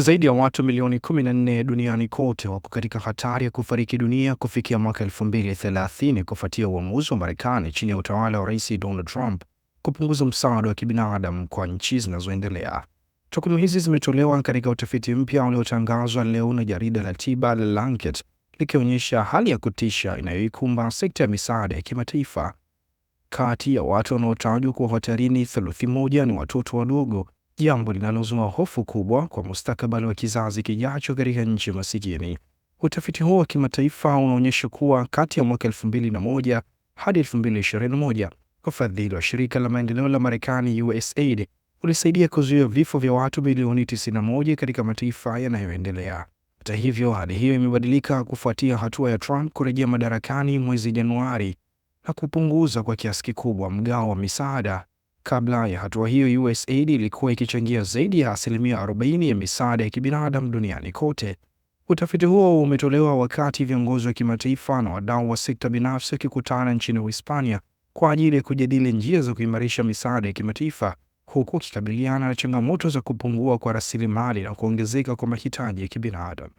Zaidi ya watu milioni 14 duniani kote wako katika hatari ya kufariki dunia kufikia mwaka 2030 kufuatia uamuzi wa Marekani chini ya utawala wa Rais Donald Trump kupunguza msaada wa kibinadamu kwa nchi zinazoendelea. Takwimu hizi zimetolewa katika utafiti mpya uliotangazwa leo na jarida la tiba la Lancet likionyesha hali ya kutisha inayoikumba sekta ya misaada ya kimataifa. Kati ya watu wanaotajwa kuwa hatarini, theluthi moja ni watoto wadogo jambo linalozua hofu kubwa kwa mustakabali wa kizazi kijacho katika nchi masikini. Utafiti huo wa kimataifa unaonyesha kuwa kati ya mwaka 2001 hadi 2021 ufadhili wa shirika la maendeleo la Marekani USAID ulisaidia kuzuia vifo vya watu milioni 91 katika mataifa yanayoendelea. Hata hivyo, hali hiyo imebadilika kufuatia hatua ya Trump kurejea madarakani mwezi Januari na kupunguza kwa kiasi kikubwa mgao wa misaada Kabla ya hatua hiyo, USAID ilikuwa ikichangia zaidi ya asilimia 40 ya misaada ya kibinadamu duniani kote. Utafiti huo umetolewa wakati viongozi wa kimataifa na wadau wa sekta binafsi wakikutana nchini Uhispania kwa ajili ya kujadili njia za kuimarisha misaada ya kimataifa huku ukikabiliana na changamoto za kupungua kwa rasilimali na kuongezeka kwa mahitaji ya kibinadamu.